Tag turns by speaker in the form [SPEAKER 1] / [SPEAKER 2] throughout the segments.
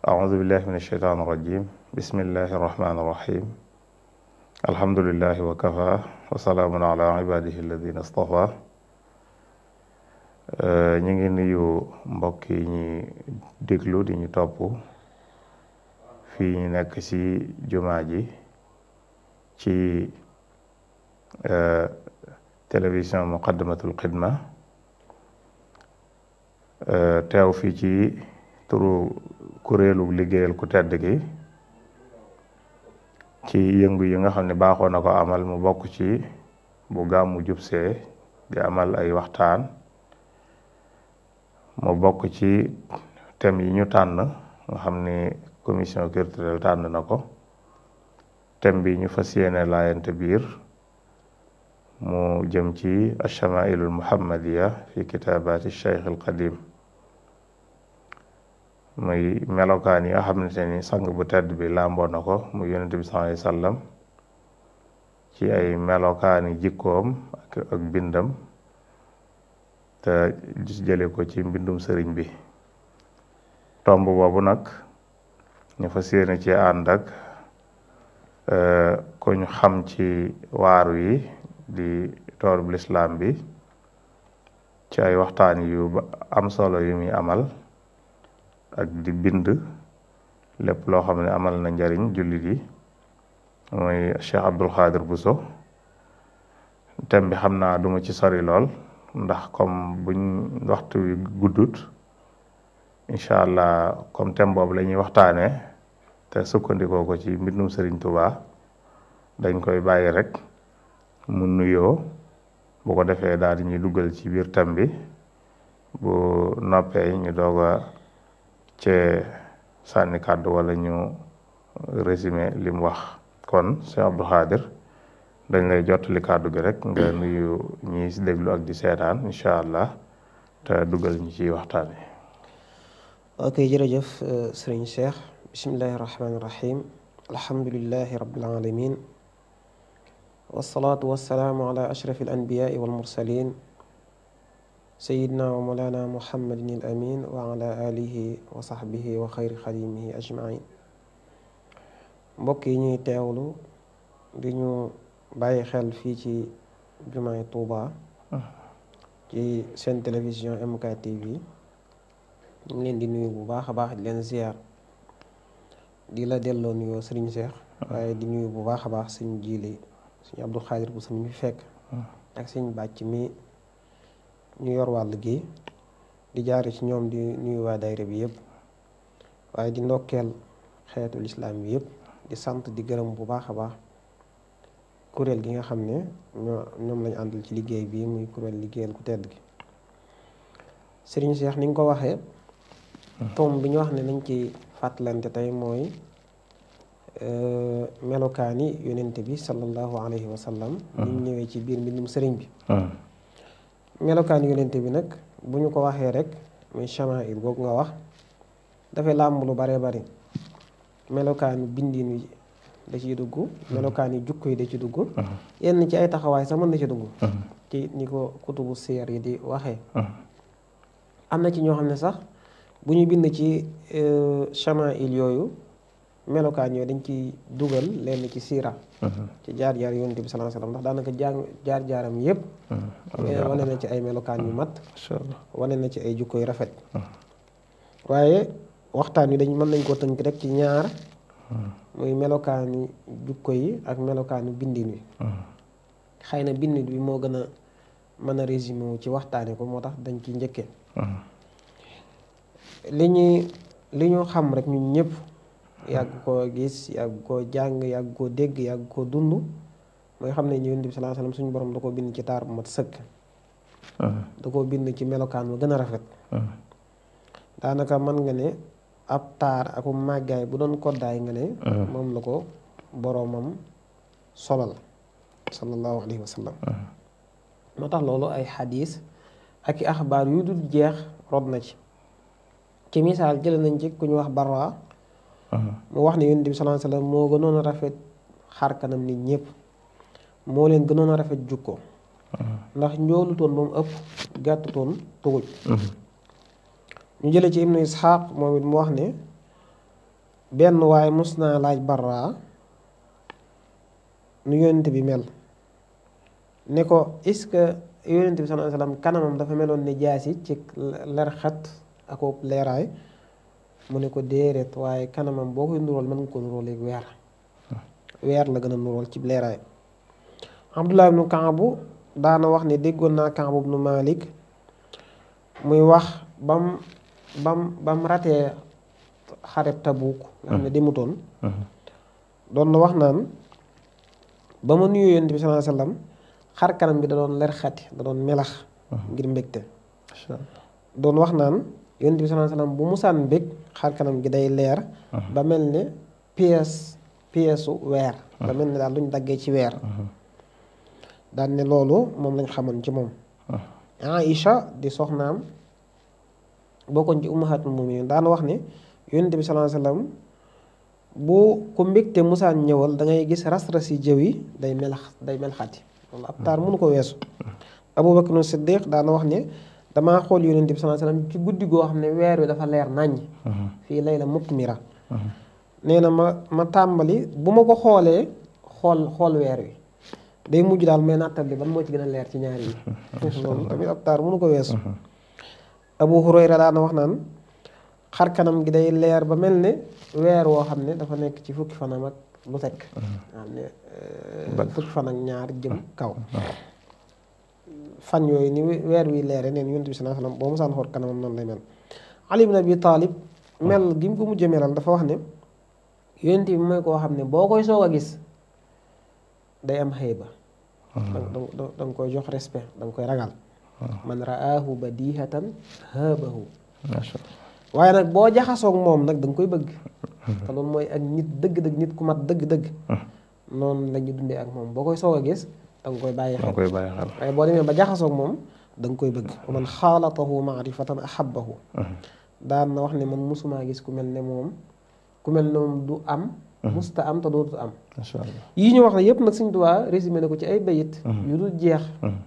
[SPEAKER 1] أعوذ بالله من الشيطان الرجيم بسم الله الرحمن الرحيم الحمد لله وكفى وسلام على عباده الذين اصطفى نيغي نيو مبوكي ني ديغلو دي ني توبو في ني نيك سي جمعه تي تلفزيون مقدمه القدمه تاو في تي ترو kuréelu liggéeyal ku tedd gi ci yëngu yi nga xam ne baaxoo na ko amal mu bokk ci bu gàmmu jubsee di amal ay waxtaan mu bokk ci thèmes yi ñu tànn nga xam ni commission culturelle tànn na ko thème bi ñu fas yéene laayante biir mu jëm ci achamailul muhammadiya fi kitaabaati cheikh al qadim muy melokaan yi nga xamante ni sang bu tedd bi làmboo na ko mu yonente bi ci ay melokaani jikkoom ak bindam te jële ko ci mbindum sëriñ bi tomb boobu nag ñu fas yéene ci ànd ak e, ku xam ci waaru yi di toorub lislaam bi ci ay waxtaan yu am solo yu muy amal ak di bind lépp loo xam ne amal na njariñ jullit yi mooy Cheikh Abdul Xaadir Buso thème bi xam naa duma ci sori lool ndax comme buñ waxtu wi guddut incha allah comme thème boobu la ñuy waxtaanee te sukkandikoo ko ci mbindum Sëriñ Tuubaa dañ koy bàyyi rek mu nuyoo bu ko defee daal di ñuy duggal ci biir thème bi bu noppee ñu doog a cee sànni kàddu wala ñu résumé li mu wax kon sëñ Abdou Khadir dañ lay jottali kàddu gi rek nga nuyu ñi si déglu ak di seetaan incha allah te dugal ñu ci waxtaan yi
[SPEAKER 2] ok jërëjëf sëriñ Cheikh bismillahi rahmaani rahim alhamdulilahi rabbil alamin والصلاة والسلام على أشرف الأنبياء والمرسلين سيدنا ومولانا محمد الأمين وعلى آله وصحبه وخير خديمه أجمعين بكي ني تيولو دي ني باي خيل في تي جمعة طوبة تي سين تلفزيون ام تي في ني لين دي نوي بو باخ باخ لين زيار دي لا ديلو نيو سيرن شيخ واي دي نوي بو باخ باخ سيرن جيلي سيرن عبد القادر بو سيرن آه. مي فك اك سيرن باتي مي ñu yor wàll gi di jaare ci ñoom di nuyu waa daayira bi yëpp waaye di ndokkeel xeetu lislaam bi yëpp di sant di gërëm bu baax a baax kuréel gi nga xam ne ñoo ñoom lañu àndal ci liggéey bi muy kuréel liggéeyal ku tedd gi sëriñ Cheikh ni nga ko waxee tom bi ñu wax ne nañ ci fàttalante tey mooy euh, melokaani yonent bi sallallahu alayhi wa hmm. ni ñëwee ci biir mbindum sëriñ bi hmm. melokaan yonent bi nag bu ñu ko waxee rek muy chamail googu nga wax dafay làmb lu bare bari melokaanu bindin wi da ciy dugg mhm. melokaan yi jukko yi da ci dugg mhm. yenn ci ay taxawaay sax mën na ci dugg mhm. ci ni ko kutubu seer yi di waxee am na ci ñoo xam ne sax bu ñu bind ci euh, chamail yooyu melokaan yooyu dañ ci duggal lenn ci siira mhm. ci jaar-jaar yoon tib sallallahu alaihi wasallam ndax da naka jaar-jaaram yépp mhm. eh, wane na ci ay melokaan yu mat mhm. wane na ci ay jukoy rafet waye waxtaan yi dañ mën nañ ko tënk rek ci ñaar muy melokaani jukko yi ak melokaani bindin wi xëy na bindin bi mo gëna mëna résumé ci waxtaané ko motax dañ ci ñëkke liñu liñu xam rek ñun ñëpp yag koo gis yag koo jang yag koo dundu yàgg koo dund mooy xam ne yonent sallallahu alayhi wasallam suñu borom dako bind ci tar mat sëkk ah dako bind ci melokan bu gëna rafet rafet ah. danaka man nga ne ab tar aku màggaay bu doon day nga ne ah. mom lako boromam solal sallallahu alayhi wasallam, ah motax lolu ay hadith ak akhbar yu dul jeex rod na ci ci misal nañ ci kuñ wax barwa mu wax ne yonent bi sallallahu alayhi moo gënoon a rafet xar kanam nit ñëpp moo leen gënoon a rafet jukko ndax njoolutoon ba mu ëpp gàttutoon tuguj ñu jëlee ci ibnu isxaaq moom it mu wax ne benn waaye mus naa laaj barra nu yonent bi mel ne ko est-ce que yonent bi sallallahu alayhi kanamam dafa meloon ni jaasi ci xet ak leeraay mu ne ko déeréet waaye kanamam boo koy nurool mën nga ko nurool léegi weer weer la gën a nurool ci leeraay Abdullah ibnu Kaabu daana wax ne déggoon naa Kaabu ibnu Malik muy wax bam bam bam ratee xareb Tabuuk nga xam ne demutoon doon na wax naan ba ma nuyoo yonent bi sallallahu alayhi wasallam xar kanam bi da doon ler xati da doon melax ngir mbégte doon wax naan yonent bi sallallahu alayhi wasallam bu musaan bég xar kanam gi day leer ba mel ne pièce pièce weer ba mel ni daal luñ daggee ci weer daan ne loolu moom lañ xamoon ci moom Aïcha di soxnaam bokkoon ci ummahatul mu'minin daan wax ni yonent bi sallallahu alayhi wasallam bu ku mbégte musaan ñëwal dangay gis ras-ras yi jëw yi day mel day mel xati loolu ab taar mënu ko weesu Abu Bakr Siddiq daan wax ni damaa xool yonent bi sallallahu alayhi wasallam ci guddi goo xam ne weer wi dafa leer naññ uh-huh. fii layla mutmira uh-huh. nee na ma ma tàmbali bu ma ko xoolee xool xool weer wi day mujj daal may nattal bi ban moo ci gën a leer ci ñaar yi loolu uh-huh. tamit ab ko weesu Abu Hurayra daana wax naan xar kanam gi day leer ba mel ne weer woo xam ne dafa nekk ci fukki fanam ak lu tekk fukki fan ak ñaar jëm kaw fan yooyu ni weer wi leere neen yonent bi sallallahu alayhi wasallam boo mosaan xool kanamam noonu lay mel ali ibn abi taalib mel gi mu ko mujjee melal dafa wax ne yonent bi mooy koo xam ne boo koy soog a gis day am xëyba da koy jox respect da koy ragal man ra'aahu badihatan haabahu waaye nag boo jaxasoog moom nag da koy bëgg te loolu mooy ak nit dëgg-dëgg nit ku mat dëgg-dëgg noonu la dundee ak moom boo koy soog a gis dang koy bàyyi xam da koy bàyyi xel waaye boo demee ba jaxasoog moom da nga koy bëgg man xaalatahu maarifatan ahabbahu daan wax ne man mosumaa gis ku mel ne ku mel ne du am musta am te dootu am macha allah ñu wax ne yëpp nag Sëñ Tuubaa résumé na ci ay bayit yu dul jeex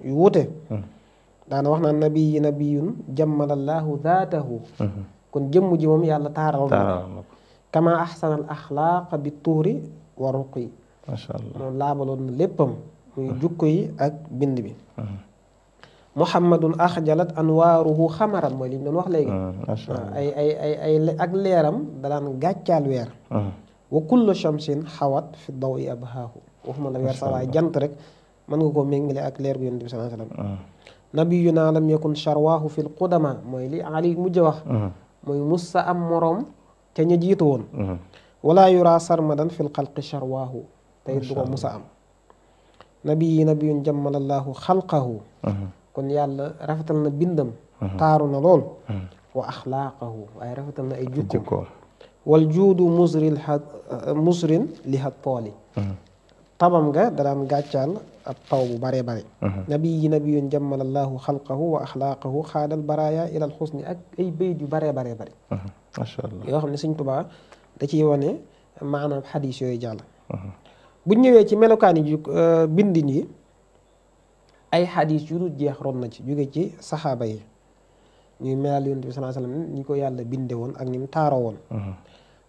[SPEAKER 2] yu wuute daana wax naan nabiyi nabiyun jammalallaahu zaatahu kon jëmm ji moom yàlla taaral na ko kama ahsanal axlaaqa bi tuuri wa ruqi macha allah moom laabaloon na léppam jukko yi ak bind bi muhammadun axjalat anwaaruhu xamaran mooy li ñu doon wax léegi ay ay ay ay ak leeram danaan gàccaal weer wa kullu shamsin xawat fi daw i abhaahu waxuma la weer sax waaye jant rek mën nga koo méngale ak leer gu yonent bi sallallahu alayhi wasallam nabiyuna lam yakun charwaahu fi lqudama mooy li ali mujj wax mooy mus sa am moroom ca ña jiitu woon wala yura sarmadan fi lxalqi charwaahu tey du ko musa am نبي نبي جمل الله خلقه كن يال رفتلنا بندم تارنا لول واخلاقه اي رفتلنا اي والجود مزر مزر لهالطالي طبعاً غا دران غاتشال الطوب باري باري نبي نبي جمل الله خلقه واخلاقه خال البرايا الى الحسن اي بيد باري باري باري ما شاء الله يا خني سيغ توبا داكي واني معنى الحديث يوي جالا bu ñëwee ci melokaan yi bindin yi ay xadis yu dul jeex ron na ci jóge ci saxaaba yi ñuy melal yonent bi sallallahu alayhi wasallam ni ko yàlla binde woon ak ni mu taaroo woon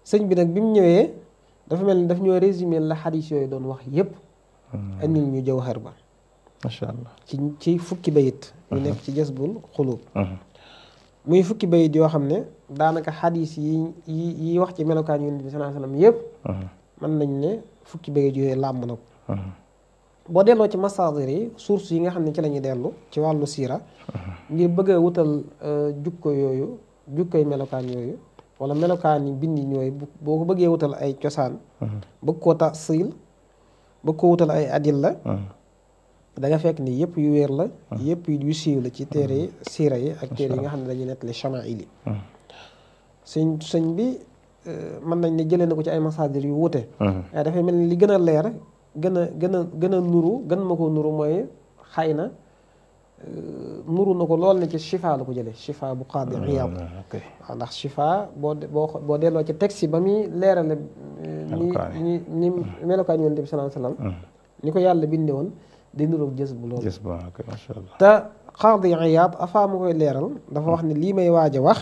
[SPEAKER 2] sëñ bi nag bi mu ñëwee dafa mel ni daf ñoo résumé la xadis yooyu doon wax yépp andil ñu jawhar ba macha allah ci ci fukki bayit ñu nekk ci jasbul xulub muy fukki bayit yoo xam ne daanaka xadis yi yi wax ci melokaan yonent bi sallallahu alayhi wasallam yépp mën nañ ne fukki bëgg yooyu làmb na ko uh-huh. boo delloo ci masaadir yi source yi nga xam ne ci lañuy dellu ci wàllu siira uh-huh. ngir bëgg a wutal euh, jukko yooyu jukkoy melokaan yooyu wala melokaan yi bind ñooyu boo ko bëggee wutal ay cosaan uh-huh. bëgg koo tasil bëgg ko wutal ay adilla da nga fekk ni yëpp yu wéer la yëpp yu siiw la ci téere siira yi ak téere yi nga xam ne dañuy nettali chamail yi sëñ bi Euh, man nañ ne jëlee na ko ci ay masaadir yu wuute. waaye eh, dafay mel ni li gën a leer gën a gën a gën a nuru gën ma ko nuru mooy xay na euh, nuru na ko lool ne ci chifa la ko jële chifa bu qaadi ah, Iyaad waaw ah, ndax chifa boo boo boo delloo ci texte ba muy leerale euh, ni ni ni melokaan yonent bi sallallahu ni ko yàlla bindee woon di nuroog jës bu loolu te ma koy leeral dafa wax ne lii may waaj a wax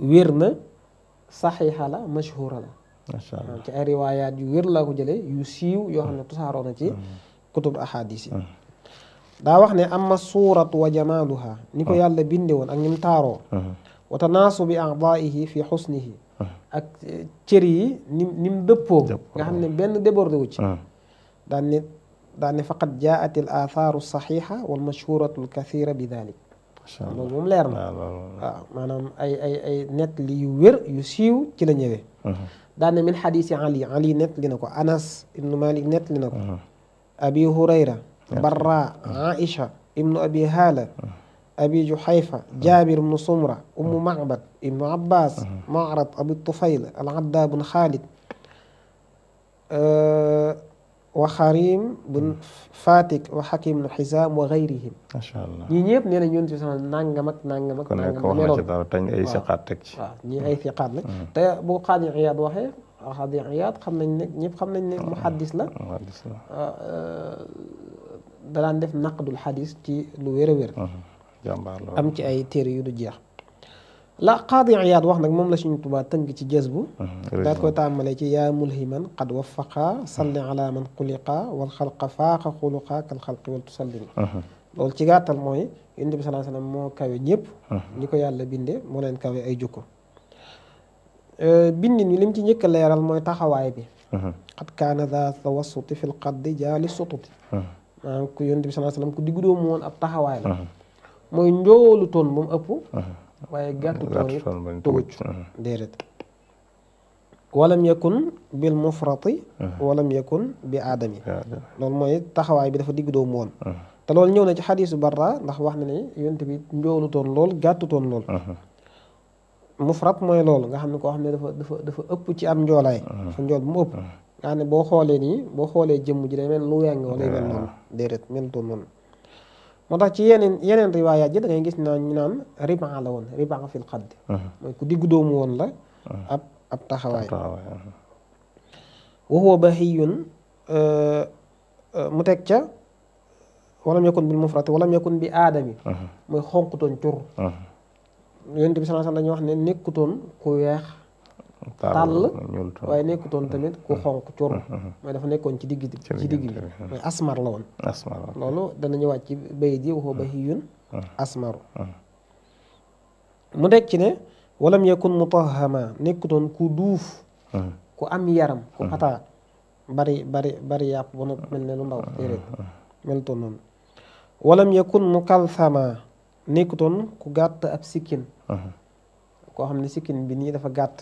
[SPEAKER 2] wér na صحيحة لا مشهورة لا ما شاء الله يعني كأي روايات يوير الله جلي يسيو يوحنا آه. تسارة نتي آه. كتب أحاديثي دا آه. وحنا أما صورة وجمالها نيكو يالا بندون أن يمتارو وتناسب أعضائه في حسنه ak ciri nim deppo nga xamne ben debordé wu ci dan ni dan ni faqat ja'at al athar as sahiha loolu moom leer na waaw maanaam ay ay ay nettali yu wér yu siiw ci la ñëwee daane min xadiisi ali ali nettali na ko anas ibnu malik nettali na ko abi hurayra barra aisha ibnu abi haala abi juhayfa jabir ibnu sumra ummu macbad ibnu abbas macrad abi tufayl al adda bun xaalid وخريم بن فاتك وحكيم بن حزام وغيرهم ما شاء الله ني نيب نينا نيون سيسان نانغامك نانغامك كون اي دار تاني اي ثقات تك ني اي ثقات نك تا بو قاضي عياد وخي قاضي عياد خم نني نيب خم نني محدث لا محدث لا دا لان ديف نقد الحديث تي لو وير وير جامبار لو ام تي اي تير يو دو la qadi iyad wax nag mom la suñu tubaa tënk ci jës bu mhm, daat koy tàmbalee ci ya mulhiman qad waffaqa salli ala man quliqa wal khalqa faqa xuluqa kal khalq wal tusallim mhm. lol ci gatal moy indi bi sallallahu alayhi wasallam mo kawé ñi mhm. ko yalla binde mo len kawé ay jukko euh, bindin ni lim ci ñëk leral moy taxaway bi qad kana dha tawassut fi al qad jalis sutut maanaam ku yonent bi salaa salaam ku diggu doomu won ab taxaway la moy ndolu ton ba mu ëpp ولم يكن بالمفرط ولم يكن بعدم لول موي تخواي بي دا فا ديغ دو مون تا لول نيونا سي حديث برا ناخ واخنا ني يونت بي نيولو تون لول غاتو تون لول مفرط موي لول غا خامني كو خامني دا فا دا فا دا فا اوب سي ام نجولاي فا نجول مو اوب يعني بو خولي ني بو خولي جيم جي دا مين لو وينغ ولا مين نون ديريت مين تون نون moo tax ci yeneen yeneen riwaayaat ji da gis naa ñu naan riba la woon riba fil xadd uh-huh. mooy ku diggu doomu woon la uh-huh. ab ab taxawaay uh-huh. wa huwa bahiyun uh, uh, mu teg ca walam yakun bil mufrat walam yakun bi aadami mooy xonqutoon cur yonent bi sallallahu alayhi dañuy wax ne nekkutoon ku weex tàll waaye nekkutoon tamit ku mm-hmm. xonq cur mooy mm-hmm. dafa nekkoon ci digg ci digg bi mooy asmar la woon loolu dana ñëwaat ci bayit yi waxoo bahiyun mm-hmm. asmaru mu nekk ci ne walam yakun mutahama nekkutoon ku duuf ku am yaram ku ataa bari bari yàpp ba noppi mel ne lu ndaw déedéet melutoon noonu walam yakun mukalthama nekkutoon ku gàtt ab sikkin koo xam ne sikkin bi nii dafa gàtt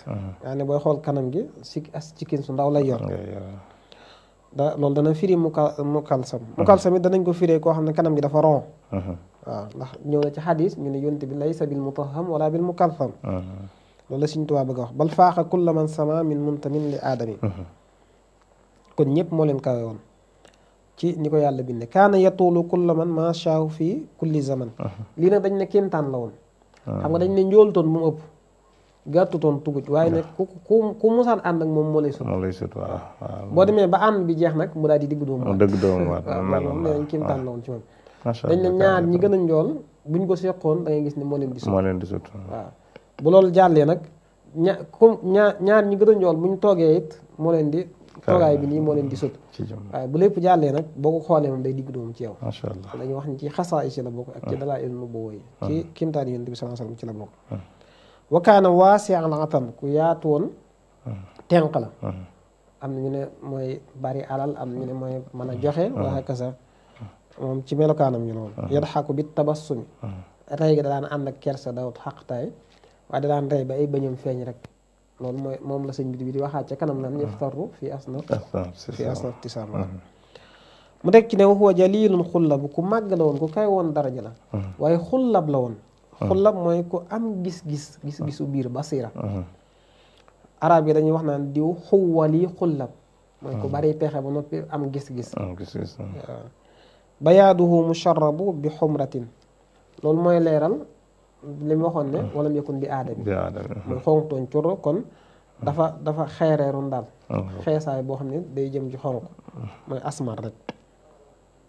[SPEAKER 2] yaa ne booy xool kanam gi si as sikkin su ndaw lay yor da loolu dana firi mu ka mu kalsam mu kalsam it danañ ko firee koo xam ne kanam gi dafa ron waaw ndax ñëw na ci xadis ñu ne yonte bi laysa bil mutaham wala bil mukalsam loolu la Sëriñ Tuubaa bëgg a wax bal faaxa kulla man sama min muntamin li aadami kon ñëpp moo leen kawe woon ci ni ko yàlla binde kaana yatuulu kulla man maashaahu fii kulli zaman lii nag dañ ne kéemtaan la woon xam nga dañ ne njooltoon mu ëpp gàttutoon tuguj waaye nag ku ku ku musaan ànd ak moom moo lay sut moo lay sut waaw boo demee ba ànd bi jeex nag mu daal di digg doomu dëgg doomu waat oh, ah, gën a buñ ko seqoon da gis ne moo leen di sut moo leen di sut waaw bu loolu jàllee nag ña comme ñaar ñaar ñi gën a njool ñu toogee it moo leen di toogaay bi nii moo leen di sut waaye bu lépp jàllee nag boo ko xoolee moom day digg doomu ci yow dañuy wax ni ci xasaa yi ci la bokk ak ci ah. dalaa il nu boobu yi ci ah. kiimtaan bi sallallahu alayhi ci la bokk وكان واسعا عطن كياتون تنقل ام ني موي باري علال ام ني موي مانا جوخي وهكذا موم تي ميلو كانم ني نون يضحك بالتبسم راي دا دان اندك كيرسا داوت حق تاي وا دا دان راي با اي بنيم فيني رك لول موي موم لا سيني بي دي واخا تي كانم نان يفطروا في اسن في اسن تسامع مو تك ني هو جليل خلب ماغلون كو كاي وون درجه واي خلب لا xulla mooy ko am gis-gis gis-gisu biir basira arab yi dañuy wax naan diw xuwali xullab mooy ko bari pexe ba noppi am gis-gis bayaaduhu musharrabu bi xumratin loolu mooy leeral li mu waxoon ne walam yakun bi aada bi mooy xonqtooñ coro kon dafa dafa xeereeru ndaal xeesaay boo xam ne day jëm ci xonq mooy asmar rek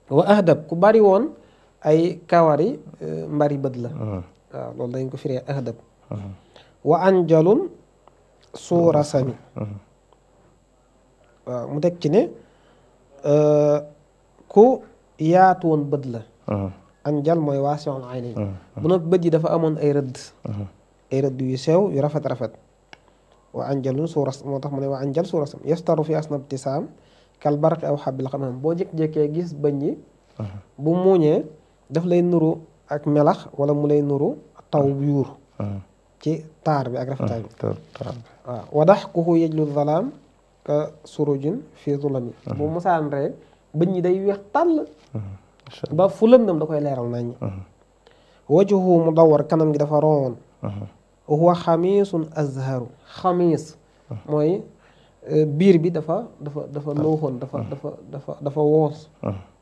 [SPEAKER 2] wa ahdab ku bari woon ay kawari mbari bët la waaw loolu dañ ko firee ahdab uh-huh. wa anjalun suura uh-huh. mu teg ci ne euh, ku yaatu woon bët la uh-huh. anjal mooy waasion ay nañ bu nag bët yi dafa amoon ay rëdd ay rëdd yu sew yu rafet rafet wa anjalun suura moo tax mu ne wa anjal suura sami yastaru fi asnab tisaam kal barqi aw xabil xam boo jékki-jékkee gis bëñ yi bu muuñee daf lay nuru ak melax wala mu lay nuru taw bu yuuru ci tar bi ak rafetaay bi waaw wadax hu yajlu dhalam ka surujin fi zulami bu musaan ree bëñ ñi day wex tal ba fu lëndëm da koy leeral nañ wajhu mudawwar kanam gi dafa ron huwa khamisun azharu khamis moy bir bi dafa dafa dafa lohon dafa dafa dafa dafa wos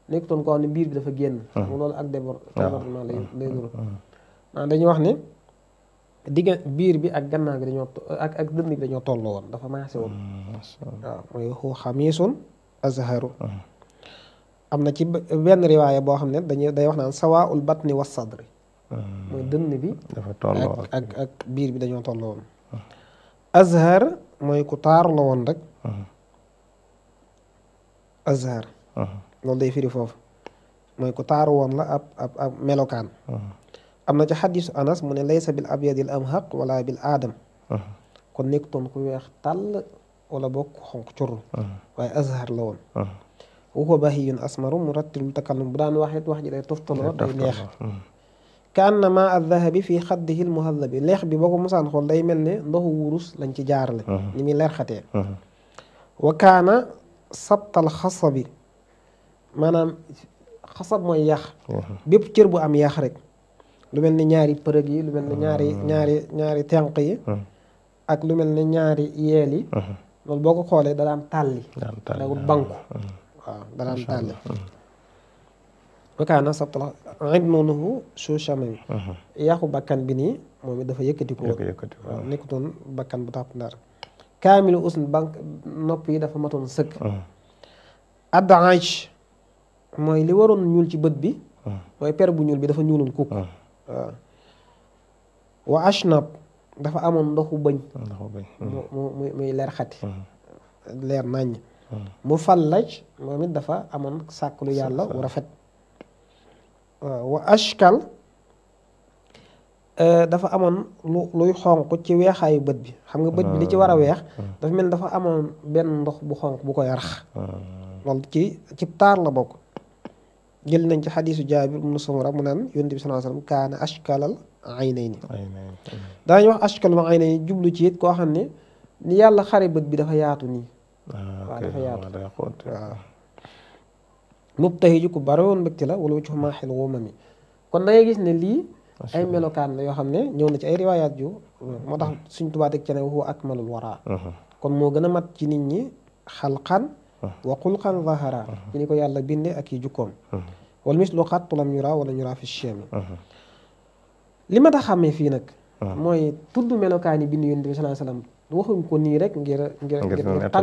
[SPEAKER 2] nekk toon koo xam ne biir bi dafa génn xam nga loolu ak débordement lay lay nuru maanaam dañuy wax ne digga biir bi ak gannaaw bi dañoo ak ak dënn bi dañoo tolloo woon dafa maase woon waaw mooy xu xamiisun azharu am na ci benn riwaaya boo xam ne dañuy day wax naan sawaaul batni wa sadri mooy dënn bi dafa tolloo ak ak ak biir bi dañoo tolloo woon azhar mooy ku taar la woon rek azhar loolu day firi foofu mooy ku taaru woon la ab ab ab melokaan am na ci xadisu anas mu ne laysa bil abyadil amhaq wala bil aadam kon nekkutoon ku weex tàll wala bokk xonq curr waaye azhar la woon waxwa bahiyun asmaru murattilul takallum bu daan waxit wax ji day toftaloo day neex kaanna maa addahabi fii xaddihi lmuhallabi leex bi boo ko mosaan xool day mel ne ndoxu wurus lañ ci jaarale ni muy leer xatee wa kaana sabtal xasabi maanaam xasab mooy yàq mm-hmm. bépp cër bu am yàq rek lu mel ni ñaari përëg yi lu mel ni ñaari mm-hmm. ñaari ñaari tenq yi
[SPEAKER 3] mm-hmm.
[SPEAKER 2] lu mel ni ñaari yeel yi loolu boo ko xoolee da daan tàlli dawul banku waaw da daan tàlli wakaana sabtala bakkan bi nii moom it dafa yëkkatikoo waaw nekkutoon bakkan bu tàpp ndar kaamilu usn bank nopp yi dafa matoon sëkk addaange mooy li waroon ñuul ci bët bi ah. mooy per bu ñuul bi dafa ñuuloon kukk ah. Ah. wa ashnab dafa amoon ndoxu bëñ mu muy leer xati leer nàññ mu fallaj moom it dafa amoon sàkk lu yàlla wu rafet waaw wa ashkal eh, dafa amoon lu luy xonq ci weexaayu bët bi xam nga bët bi li ci war a weex dafa mel ni dafa amoon benn ndox bu xonq bu koy rax loolu ci ci taar la bokk jël nañ ci xadisu jabir ibn sumra mu naan yonte bi sallallahu alayhi wasallam kaana ashkalal da ñu wax ashkal ma aynayn jublu ci it koo ni yalla xare bi dafa yaatu ni ah, wa dafa yaatu mubtahi ji ku bare woon la wala wucc ma xel wooma kon da ngay gis ne li ay melokan la yo xamne ñew na ci ay riwayat ju motax mm-hmm. tek ci ne wu akmalul wara mm-hmm. kon mo gëna mat ci nit ñi khalqan wa xulqan zahara ci ni ko yalla ya binde ak jukom wal mislu xattu lam yura wala yura fi chemi Lima ta xame fi nak, moy tuddu melokani bin yunus sallallahu alaihi wasallam waxum ko ni rek ngir ngir ngir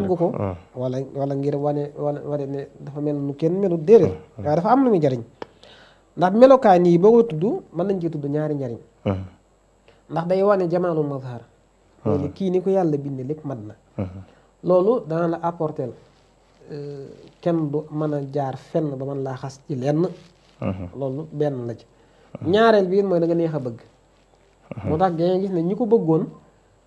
[SPEAKER 2] ko wala wala ngir wane wane ne dafa mel nu ken melu dere waaye ah. dafa am lu mi jariñ ndax melokani bo ko tuddu man lañ ci tuddu ñaari njariñ ah. ndax day wane jamaalul mazhar loolu ah. ni ko yalla binde lépp mat na dana la apporter Eh, kenn du mën a jaar fenn ba man laa xas ci lenn mhm. loolu benn la ci ñaareel bi it mooy da nga neex a bëgg mhm. moo tax dangay gis ne ñi ko bëggoon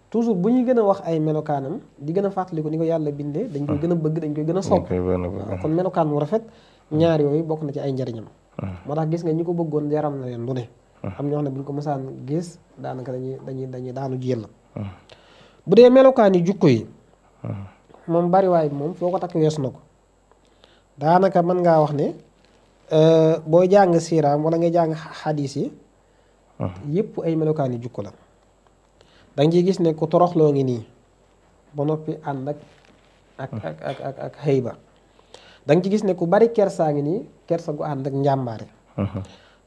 [SPEAKER 2] toujours bu ñuy wax ay melokaanam di gën a fàttaliku ni ko yàlla bindee dañ koy gën a bëgg dañ koy gën a sopp kon melokaan mu rafet ñaar yooyu bokk na ci ay njariñam mhm. moo tax gis nga ñi ko bëggoon yaram na leen lu ne am ñoo xam ne buñ ko mësaan gis daanaka dañuy dañuy dañuy daanu jël bu dee melokaan yi jukko yi mom bari way mom foko tak wess nako na ko daanaka mën ngaa wax ne euh, boo jàng siiraam wala ah. nga jang hadisi yi yëpp ay melokaan yu la danga gis ne torox lo ngi ni bo nopi ànd ah. ak ak ak ak ak ak dang ci gis ne ku bari kersa ngi ni kersa gu ànd ak uh-huh.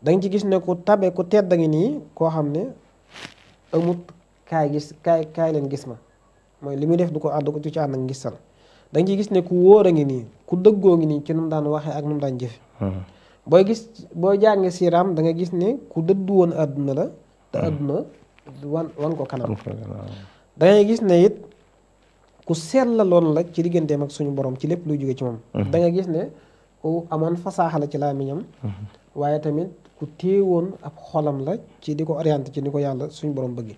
[SPEAKER 2] dang ci gis ne ku tabe ku tedda ngi ni ko xamne amut kay gis kay kay len gis ma mooy li muy def du ko àddu ko ci ànd ak ngistal da nga ciy gis ne ku wóor a ngi nii ku dëggoo ngi nii ci nu mu daan waxee ak nu mu daan jëfe hmm. booy gis booy jàngee siiraam da nga gis ne ku dëddu woon àdduna la te hmm. àdduna wan ko kanam da gis ne it ku seetlaloon la ci digganteem ak suñu boroom ci lépp luy jóge ci moom hmm. da gis ne ku amoon fasaaxa la ci làmmiñam waaye tamit ku woon ab xolam la ci di ko orienté ci ni ko yàlla suñu borom bëgg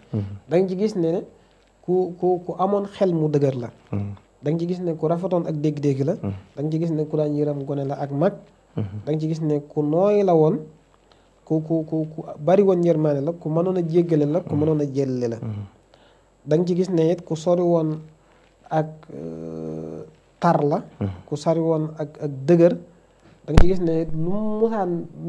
[SPEAKER 2] da ci gis ne ku ku ku amoon xel mu dëgër la mm. da ci gis ne ku rafetoon ak dégg-dégg la mm. da nga ci gis ne ku daan yëram gone la ak mag
[SPEAKER 3] mm-hmm.
[SPEAKER 2] da nga ci gis ne ku nooy la woon ku ku ku bari woon yërmaane la ku mënoon a jéggale la ku mm-hmm. mënoon a jëlle la mm-hmm. da nga ci gis ne it ku sori woon ak euh, tar la ku sori woon ak ak dëgër da ci gis ne lu mu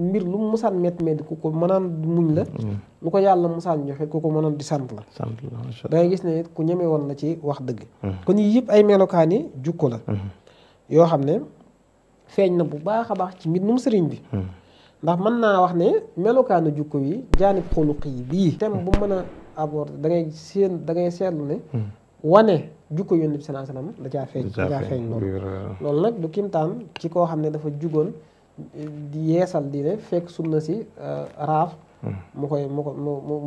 [SPEAKER 2] mbir lu mu musaan métti métti ku ko mënaan muñ la. Mm. lu ko yàlla musaan joxe ku ko mënoon di sant la. sant la da ngay ku ñeme woon la ci wax dëgg. Mm. kon yii yëpp ay melokaan yi jukko la. Mm-hmm. yoo xam ne feeñ na bu baax a baax ci mbir mu sëriñ bi. Mm. ndax mën naa wax ne melokaanu jukko yi jaanib xuluq yi bii. thème bu mën a aborder da ngay seen da ngay seetlu ne. wane jukko yónni bi sallallahu alayhi da caa feeñ da caa loolu loolu nag du kimtaan ci koo xam ne dafa jugoon eh, di yeesal di ne fekk sunna si eh, raaf hmm. mu koy mu ko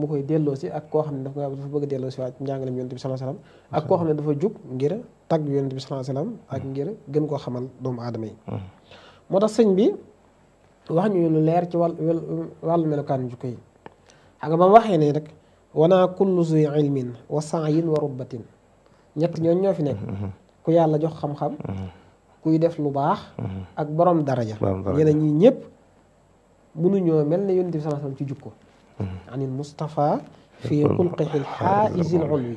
[SPEAKER 2] mu koy delloo si ak koo xam ne dafa dafa bëgg a delloo si waat njàngaleem yónni bi sallallahu alayhi ak koo xam ne dafa jug ngir tagg yónni bi sallallahu alayhi ak ngir gën koo xamal doomu aadama yi hmm. moo tax sëñ bi wax ñu lu leer ci wàll wàllu melokaan jukko yi xam nga ba mu waxee ne rek wana kullu zu ilmin wa sa'yin wa ñett ñoo ñoo fi nekk ku yàlla jox xam-xam kuy def lu baax ak borom daraja ñeneen ñi ñëpp mënuñoo mel ne yonent bi sallallahu alayhi wasallam ci jukko anil Mustafa fii xulqixil xaa'isil ulwi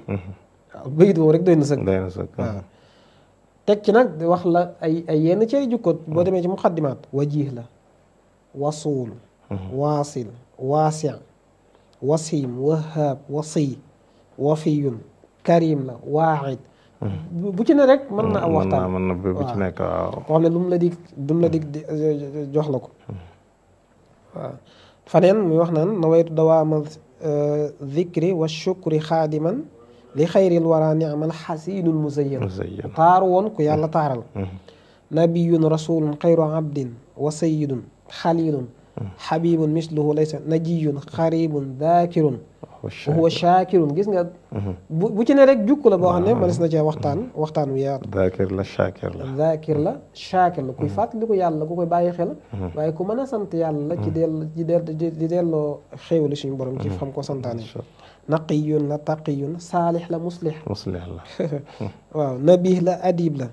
[SPEAKER 2] waaw bayit boobu rek doy na sëg waaw teg ci nag wax la ay ay yenn ci ay jukko boo demee ci muqaddimaat wajih la wasul wasil wasi wasim wahaab wasi wafiyun كريم واعد بوتينا رك من نا وقتا
[SPEAKER 1] من نا بوتينا كا
[SPEAKER 2] قام لوم لا ديك دوم لا ديك جوخ لاكو فنان مي وخ نان نويت دوام الذكر آه، والشكر خادما لخير الورى نعم الحسين المزين طار وون كو يالا طارل نبي رسول خير عبد وسيد خليل حبيب مثله ليس نجي قريب ذاكر وهو شاكر غيس نغا بو تي نريك جوك لا بو خاني مانيس نجي وقتان وقتان ويا
[SPEAKER 1] ذاكر لا شاكر لا
[SPEAKER 2] ذاكر لا شاكر لا كوي فات ليكو يالا كوكاي باي خيل باي كو مانا سانت يالا تي ديل تي ديل تي ديل لو خيو لي سيني بروم تي فام كو سانتاني نقي نتقي صالح لا مصلح مصلح الله واو نبي لا اديب لا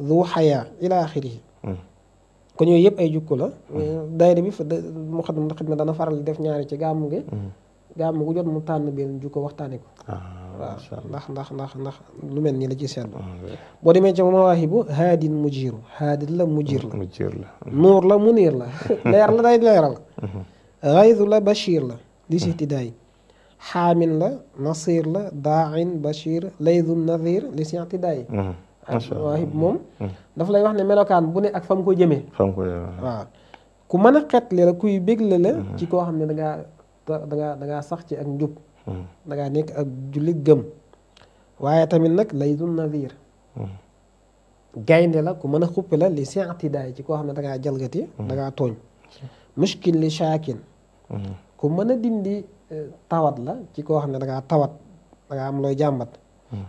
[SPEAKER 2] ذو حياه الى اخره kon yooyu yëpp ay jukku la. daayira bi fa Moukhaddamatoul Khidma dana faral def ñaari ci gàmmu gi. gàmmu gu jot mu tànn benn jukko waxtaanee ko. waaw ndax ndax ndax ndax lu mel nii la ci seetlu. boo demee ca mawaahibu haadin mujiiru haadin la mujir la. mujir la nuur la muniir la. leer la day leeral. xaydu la bashir la. li si tidaay. xaamin la nasiir la daa'in bashir laydun nadiir li si tidaay. mawahib moom daf lay wax ne melokaan bu ne ak fam ko jëmee
[SPEAKER 1] fam ko jëmee
[SPEAKER 2] waaw ku mën a xetle la kuy bégle la ci koo xam ne dangaa dangaa dangaa sax ci ak njub dangaa nekk ak jullit gëm waaye tamit nag lay dun nadir gaynde la ku mën a xuppi la li senti daay ci koo xam ne dangaa jalgati dangaa tooñ mushkil li shaakin ku mën a dindi tawat la ci koo xam ne dangaa tawat dangaa am looy jàmbat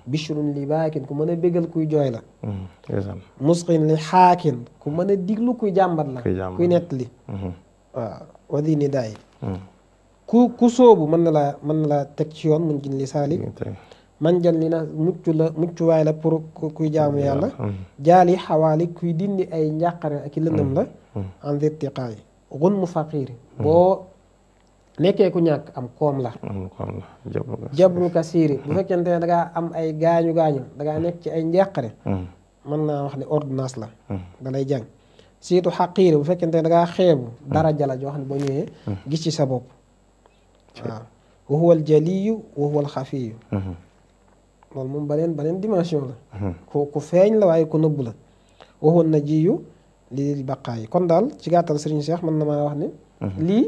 [SPEAKER 2] bishrun li baakin ku mën a bégal kuy jooy la
[SPEAKER 1] hmm,
[SPEAKER 2] musqin li xaakin ku mën a diglu ku jàmbat la kuy li hmm. waaw wadi ni daay hmm. ku ku soobu mën na laa mën laa teg ci yoon mun jin li saalik man na mucc la muccuwaay la pour kuy jaamu yàlla jaali xawaali kuy dindi ay njàqare ak i lëndëm la en gun mu faqiir boo nekkee ku ñàkk am koom la. am koom la bu fekkente ne da am ay gaañu gaañu da ngaa nekk ci ay njàqare. Mm. mën naa wax ne ordonnance la. Mm. da lay jàng surtout xaqiir bu fekkente ne da ngaa xeebu. Mm. daraja la joo xam ne boo ñëwee. gis ci sa bopp. waaw wa huwa mm-hmm. loolu moom beneen beneen dimension la. Mm-hmm. ku ku feeñ la waaye ku nëbbu la. wa huwa najiyu kon daal ci gàttal Serigne Cheikh mën na maa wax ne. Mm-hmm. lii.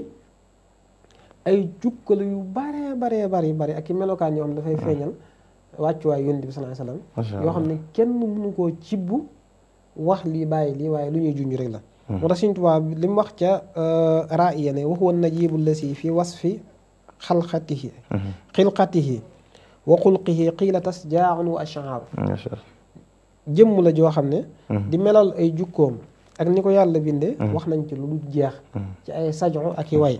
[SPEAKER 2] ay jukkal yu bare bare bare bare ak i ñoom da fay feñal waccu way yonent bi sallallahu alayhi wasallam yo xamne kenn mënu koo cibbu wax lii bàyyi lii waaye lu ñuy junj rek la moo mu wax ca raaya ne wax woon najibu lasi fi wasfi wa wa la di melal ay ak yàlla wax nañ ci lu jeex ci ay sajo ak way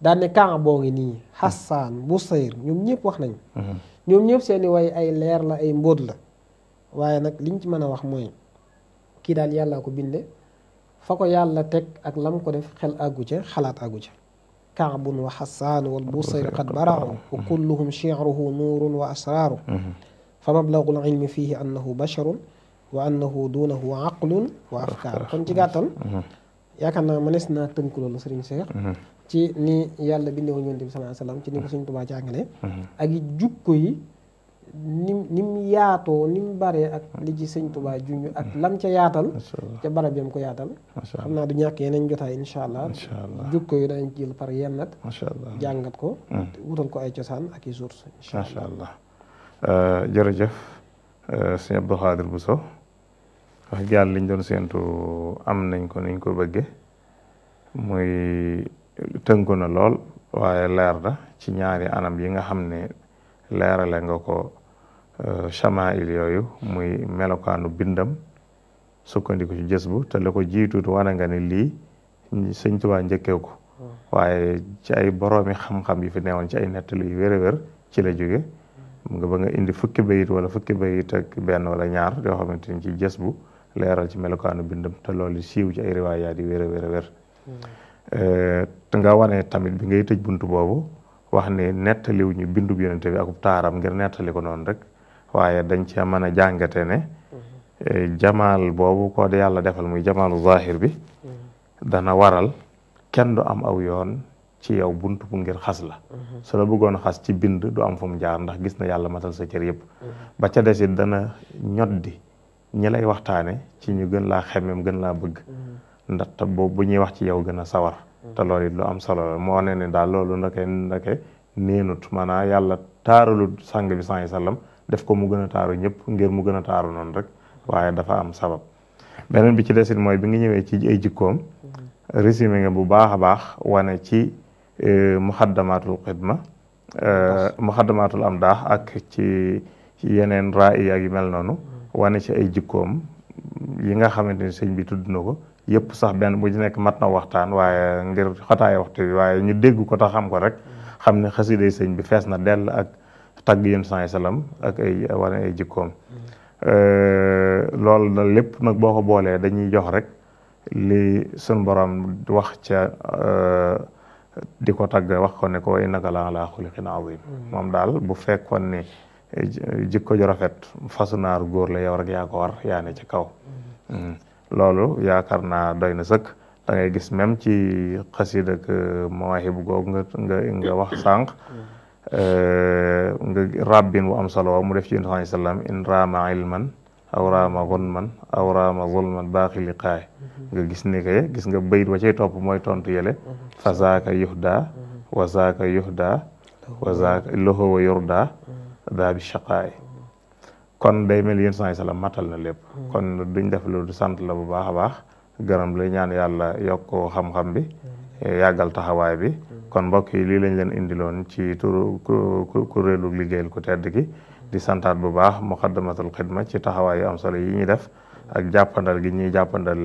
[SPEAKER 2] daan ne kan bo ngi ni Hassan Bousayr ñom ñëpp wax nañ ñom ñëpp seeni way ay leer la ay mbod la waye nak liñ ci mëna wax moy ki dal yalla ko binde fako yàlla tek ak lam ko def xel agu ci xalaat agu ci كعب وحسان والبصير قد برعوا وكلهم شعره نور وأسرار فمبلغ العلم فيه أنه بشر وأنه دونه عقل وأفكار annahu basharun yaakaar naa mënees naa tënk loolu sëriñ Cheikh mm-hmm. ci ni yàlla bindee woon yonent bi sallallahu alayhi ci ni ko sëriñ Tuubaa jàngale mm-hmm. ak jukko yi nim nim yaatoo nim baree ak li ci sëñ Tuubaa junj ak mm-hmm. lam ca yaatal ca barab yam ko yaatal xam naa du ñàkk yeneen jotaay insha allah jukko yi dañ jël par yennat jàngat ko mm. wutal ko ay cosaan ak i source insha allah
[SPEAKER 1] euh, jërëjëf euh, sëñ Abdou bu Bousso wax jaar liñ doon seentu am nañ ko niñ ko bëggee muy tënku na lool waaye leer na ci ñaari anam yi nga xam ne leerale nga ko euh, chamail yooyu muy melokaanu bindam sukkandiku ci jës bu te li ko jiituut wane nga ne lii sëñ tubaa njëkkee ko waaye ci ay boroomi xam-xam yi fi newoon ci ay nett luy wér-wér ci la jóge nga ba nga indi fukki bayit wala fukki bayit ak benn wala ñaar yoo xamante ni ci jës bu leeral ci melokaanu bindam te loolu siiw ci ay riwaayaat yi wér a wér a wér hmm. nga wane tamit bi ngay tëj buntu boobu wax ne nettaliw ñu bindub yonente bi akub taaram ngir nettali ko noonu rek waaye dañ cee mën a jàngate ne hmm. eh, jamaal boobu ko yàlla defal muy jamaalu zahir bi
[SPEAKER 3] hmm.
[SPEAKER 1] dana waral kenn du am aw yoon ci yow bunt bu ngir xas la su la bëggoon xas ci bind du am fu mu jaar ndax gis na yàlla matal sa cër yëpp ba ca desit dana ñoddi ñi lay waxtaane ci ñu gën laa xemem gën laa bëgg mm-hmm. ndaxte boobu bu ñuy wax ci yow gën a sawar mm-hmm. te loolu it lu am solo la moo ne ne daal loolu ndake ndake neenut maanaam yàlla taaralu sang bi saa sallam def ko mu gën a taaru ñëpp ngir mu gën a taaru noonu rek mm-hmm. waaye dafa am sabab beneen bi ci desit mooy bi nga ñëwee ci ay jikkoom résumé nga bu baax a baax wane ci e, muxaddamaatul xidma e, muxaddamaatul am daax ak ci yeneen raa yi ak yu mel noonu wane ci ay jikkoom yi nga xamante ni sëñ bi tudd na ko yëpp sax benn bu ci nekk mat na waxtaan waaye ngir xataay waxtu bi waaye ñu dégg ko tax xam ko rek xam ne xasiday sëñ bi fees na dell ak tagg yén saay salam ak ay wane ay jikkoom euh, loolu na lépp nag boo ko boolee dañuy jox rek li sun borom wax ca euh, di ko tagg wax ko ne ko innaka la ala xuliqin mm-hmm. moom daal bu fekkoon ni jikko ju rafet fasu naaru góor la yow rek yaa war yaa ci kaw mm. loolu yaakaar naa doy na sëkk da ngay gis même ci xasida ak euh, mawaahib googu nga nga wax sànq euh, nga rabbin am solo mu def ci yonent bi sallam in raama aw raama gunman aw raama zulman baaxi liqaay nga gis ni kay gis nga bayit wa cay topp mooy tontu yële fa zaaka yuhda wa zaaka loxo yurda baabi shaqaay kon day mel yeen saa salaam matal na lepp hmm. kon duñ def lu sant la bu baakha a baax gërëm la ñaan yalla yokko xam-xam bi. Hmm. Eh, yagal taxaway bi. Hmm. kon mbokk yi li lañ leen indiloon ci turu ku kuréelu liggéeyal ku tedd gi. di santat bu baax muqaddamatul khidma ci taxaway am solo yi ñi def. ak jappandal gi ñi jappandal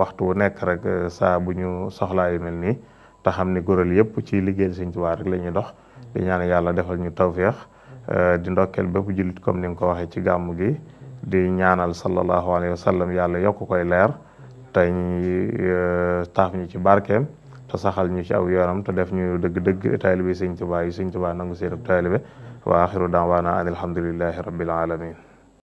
[SPEAKER 1] waxtu wu nekk rek eh, sa buñu soxla soxlaa yu mel nii te xam ni ci liggéeyal Sëñ Tuubaa rek lañu dox di ñaan yalla defal ñu tawféex Euh, di ndokkeel bépp jullit comme ni nga ko waxee ci gàmm gi di ñaanal sallallahu alayhi wa sallam yàlla yokk koy leer te euh, taaf ñu ci barkeem te saxal ñu ci aw yoonam te def ñu dëgg-dëgg taalibe Sëñ Tuubaa yi Sëñ Tuubaa nangu seen taalibe wa axiru daawaana an alhamdulillahi rabbil alamin